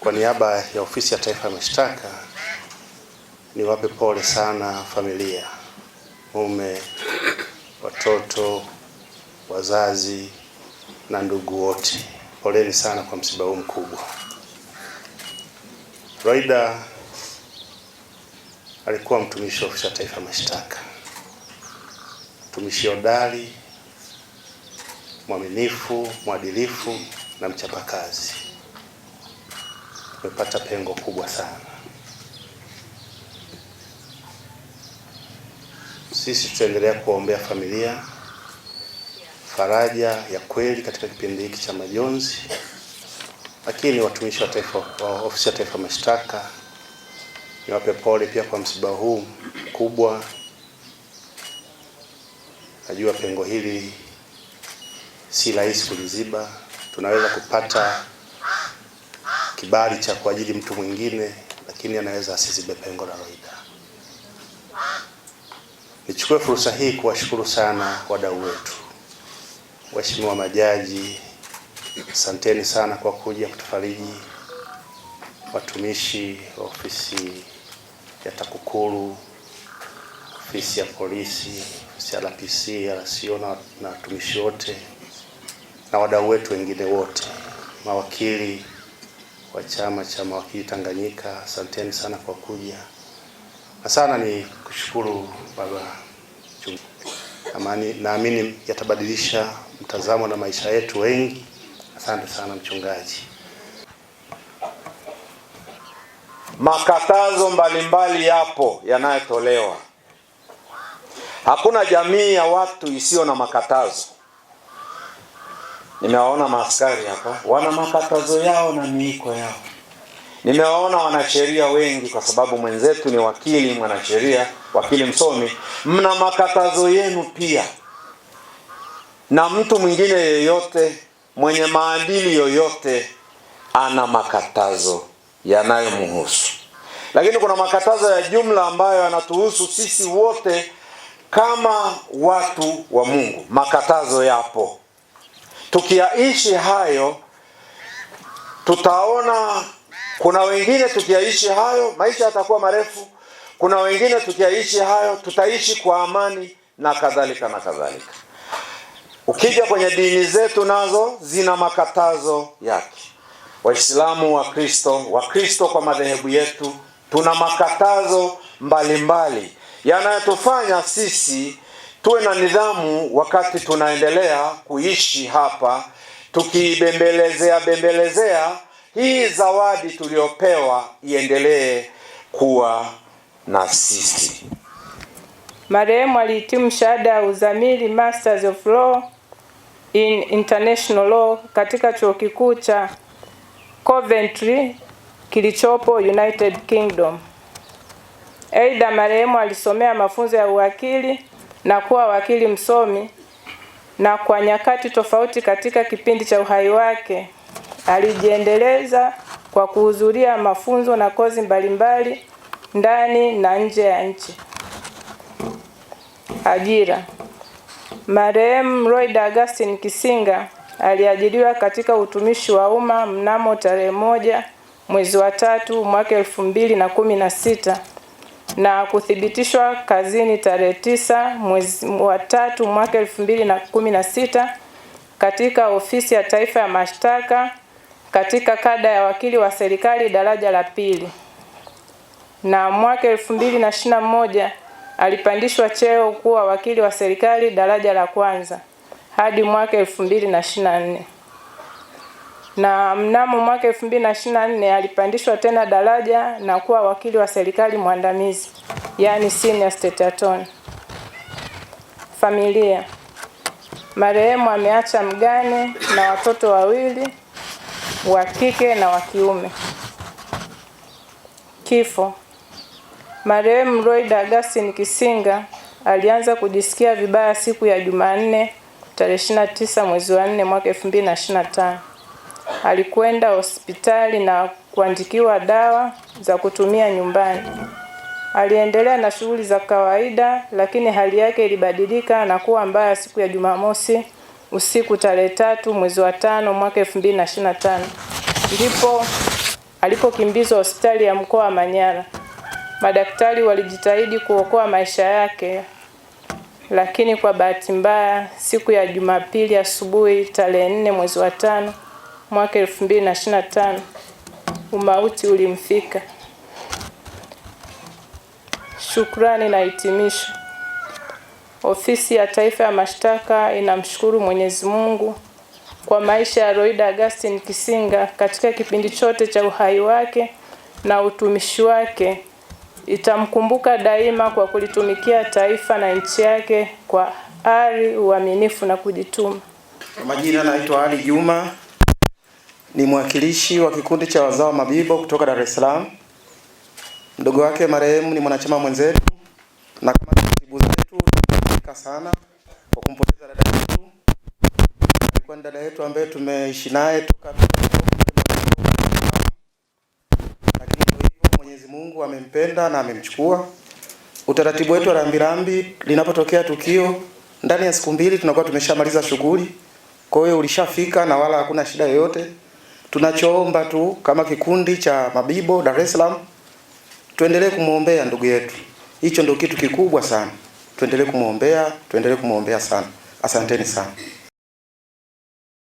Kwa niaba ya ofisi ya taifa ya mashtaka niwape pole sana familia, mume, watoto, wazazi na ndugu wote, poleni sana kwa msiba huu mkubwa. Roida alikuwa mtumishi wa ofisi ya taifa ya mashtaka, mtumishi hodari, mwaminifu, mwadilifu na mchapakazi tumepata pengo kubwa sana. Sisi tutaendelea kuombea familia faraja ya kweli katika kipindi hiki cha majonzi, lakini watumishi wa taifa wa ofisi ya taifa mashtaka, niwape pole pia kwa msiba huu mkubwa. Najua pengo hili si rahisi kuliziba, tunaweza kupata kibali cha kuajiri mtu mwingine, lakini anaweza asizibe pengo la loida. Nichukue fursa hii kuwashukuru sana wadau wetu. Waheshimiwa majaji, asanteni sana kwa kuja kutufariji. Watumishi wa ofisi ya TAKUKURU, ofisi ya polisi, ofisi ya RPC, RCO na watumishi wote na wadau wetu wengine wote, mawakili wa chama cha mawakili Tanganyika, asanteni sana kwa kuja na sana ni kushukuru baba Chungu. Amani naamini yatabadilisha mtazamo na maisha yetu wengi. Asante sana mchungaji. Makatazo mbalimbali yapo yanayotolewa. Hakuna jamii ya watu isiyo na makatazo. Nimewaona maaskari hapa wana makatazo yao na miiko yao. Nimewaona wanasheria wengi, kwa sababu mwenzetu ni wakili mwanasheria, wakili msomi, mna makatazo yenu pia. Na mtu mwingine yeyote mwenye maadili yoyote ana makatazo yanayomhusu, lakini kuna makatazo ya jumla ambayo yanatuhusu sisi wote kama watu wa Mungu. Makatazo yapo. Tukiyaishi hayo tutaona kuna wengine tukiyaishi hayo maisha yatakuwa marefu, kuna wengine tukiyaishi hayo tutaishi kwa amani na kadhalika na kadhalika. Ukija kwenye dini zetu nazo zina makatazo yake. Waislamu, Wakristo, kristo kwa madhehebu yetu tuna makatazo mbalimbali yanayotufanya sisi tuwe na nidhamu wakati tunaendelea kuishi hapa, tukiibembelezea bembelezea hii zawadi tuliyopewa iendelee kuwa na sisi. Marehemu alihitimu shahada ya uzamili Masters of Law in International Law katika chuo kikuu cha Coventry kilichopo United Kingdom. Aidha, marehemu alisomea mafunzo ya uwakili na kuwa wakili msomi, na kwa nyakati tofauti katika kipindi cha uhai wake alijiendeleza kwa kuhudhuria mafunzo na kozi mbalimbali ndani na nje ya nchi. Ajira. Marehemu Lloyd Augustine Kisinga aliajiriwa katika utumishi wa umma mnamo tarehe moja mwezi wa tatu mwaka elfu mbili na kumi na sita na kuthibitishwa kazini tarehe tisa mwezi wa tatu mwaka elfu mbili na kumi na sita katika ofisi ya taifa ya mashtaka katika kada ya wakili wa serikali daraja la pili, na mwaka elfu mbili na ishirini na moja alipandishwa cheo kuwa wakili wa serikali daraja la kwanza hadi mwaka elfu mbili na ishirini na nne na mnamo mwaka 2024 alipandishwa tena daraja na kuwa wakili wa serikali mwandamizi, yani senior state attorney. Familia: marehemu ameacha mgane na watoto wawili wa kike na wa kiume. Kifo: marehemu Lloyd Augustine Kisinga alianza kujisikia vibaya siku ya Jumanne tarehe 29 mwezi wa 4 mwaka 2025 alikwenda hospitali na kuandikiwa dawa za kutumia nyumbani. Aliendelea na shughuli za kawaida, lakini hali yake ilibadilika na kuwa mbaya siku ya Jumamosi usiku tarehe tatu mwezi wa tano mwaka 2025 ndipo alipokimbizwa hospitali ya mkoa wa Manyara. Madaktari walijitahidi kuokoa maisha yake, lakini kwa bahati mbaya siku ya Jumapili asubuhi tarehe nne mwezi wa tano mwaka tano umauti ulimfika. Shukrani na hitimisho. Ofisi ya Taifa ya Mashtaka inamshukuru Mwenyezi Mungu kwa maisha ya Roida augustin Kisinga katika kipindi chote cha uhai wake na utumishi wake. Itamkumbuka daima kwa kulitumikia taifa na nchi yake kwa ari, uaminifu na kujituma. Majina naitwa Ali Juma ni mwakilishi wa kikundi cha wazao Mabibo kutoka Dar es Salaam. Mdogo wake marehemu ni mwanachama mwenzetu, na kama taratibu zetu tunasikitika sana kwa kumpoteza dada yetu. Alikuwa ni dada yetu ambaye tumeishi naye toka lakini ndio hivyo, Mwenyezi Mungu amempenda na amemchukua. Utaratibu wetu wa rambirambi, linapotokea tukio, ndani ya siku mbili tunakuwa tumeshamaliza shughuli. Kwa hiyo ulishafika na wala hakuna shida yoyote. Tunachoomba tu kama kikundi cha Mabibo Dar es Salaam, tuendelee kumwombea ndugu yetu. Hicho ndio kitu kikubwa sana, tuendelee kumwombea, tuendelee kumwombea sana. Asanteni sana.